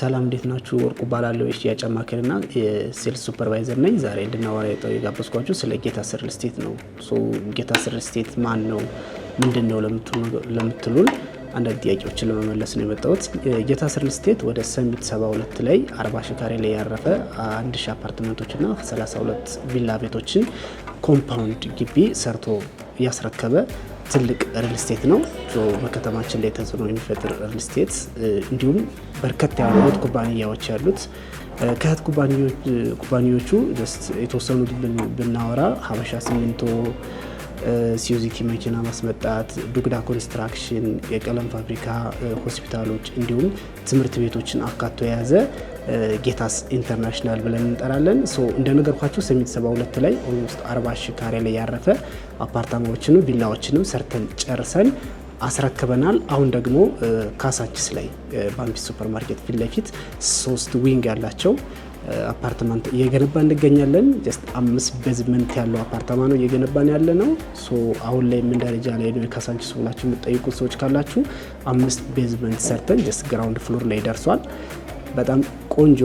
ሰላም እንዴት ናችሁ? ወርቁ እባላለሁ የሽያጭ አማካሪና የሴልስ ሱፐርቫይዘር ነኝ። ዛሬ እንድናወራ የጋበዝኳችሁ ስለ ጌታ ስር ስቴት ነው። ጌታ ስር ስቴት ማን ነው ምንድን ነው ለምትሉን አንዳንድ ጥያቄዎችን ለመመለስ ነው የመጣሁት። ጌታ ስር ስቴት ወደ ሰሚት 72 ላይ 40 ሺ ካሬ ላይ ያረፈ 1 ሺ አፓርትመንቶችና 32 ቪላ ቤቶችን ኮምፓውንድ ግቢ ሰርቶ ያስረከበ ትልቅ ሪል ስቴት ነው። በከተማችን ላይ ተጽዕኖ የሚፈጥር ሪል ስቴት እንዲሁም በርከት ያሉ እህት ኩባንያዎች ያሉት ከእህት ኩባንያዎቹ የተወሰኑ ብናወራ ሀበሻ ሲሚንቶ፣ ሲዩዚኪ መኪና ማስመጣት፣ ዱግዳ ኮንስትራክሽን፣ የቀለም ፋብሪካ፣ ሆስፒታሎች እንዲሁም ትምህርት ቤቶችን አካቶ የያዘ ጌታስ ኢንተርናሽናል ብለን እንጠራለን። እንደነገርኳቸው ሰሚት 72 ላይ ኦልሞስት 40 ካሬ ላይ ያረፈ አፓርታማዎችንም ቪላዎችንም ሰርተን ጨርሰን አስረክበናል። አሁን ደግሞ ካሳንቺስ ላይ ባምቢስ ሱፐር ማርኬት ፊት ለፊት ሶስት ዊንግ ያላቸው አፓርትመንት እየገነባ እንገኛለን። ጀስት አምስት ቤዝመንት ያለው አፓርታማ ነው እየገነባን ያለ ነው። ሶ አሁን ላይ ምን ደረጃ ላይ ነው የካሳንቺስ ብላችሁ የምትጠይቁት ሰዎች ካላችሁ አምስት ቤዝመንት ሰርተን ጀስት ግራውንድ ፍሎር ላይ ደርሷል። በጣም ቆንጆ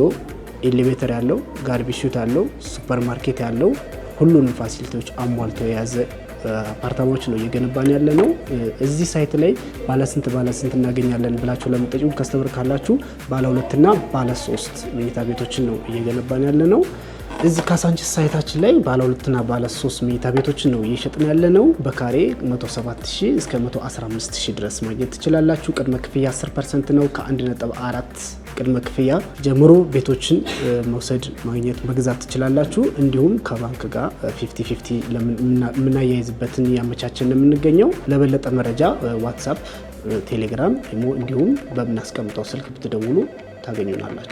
ኤሌቬተር ያለው ጋርቢሹት ያለው ሱፐር ማርኬት ያለው ሁሉንም ፋሲሊቲዎች አሟልቶ የያዘ አፓርታማዎች ነው እየገነባን ያለ ነው። እዚህ ሳይት ላይ ባለስንት ባለስንት እናገኛለን ብላችሁ ለምጠይቁ ከስተምር ካላችሁ ባለ ሁለትና ባለ ሶስት መኝታ ቤቶችን ነው እየገነባን ያለ ነው። እዚህ ካሳንቺስ ሳይታችን ላይ ባለ ሁለትና ባለ ሶስት መኝታ ቤቶችን ነው እየሸጥን ያለ ነው። በካሬ ሺ እስከ 115 ድረስ ማግኘት ትችላላችሁ። ቅድመ ክፍያ 10 ፐርሰንት ነው። ከ1.4 ቅድመ ክፍያ ጀምሮ ቤቶችን መውሰድ፣ ማግኘት፣ መግዛት ትችላላችሁ። እንዲሁም ከባንክ ጋር 50 ፊፍቲ የምናያይዝበትን ያመቻችን የምንገኘው። ለበለጠ መረጃ ዋትሳፕ፣ ቴሌግራም፣ ኢሞ እንዲሁም በምናስቀምጠው ስልክ ብትደውሉ ታገኙናላችሁ።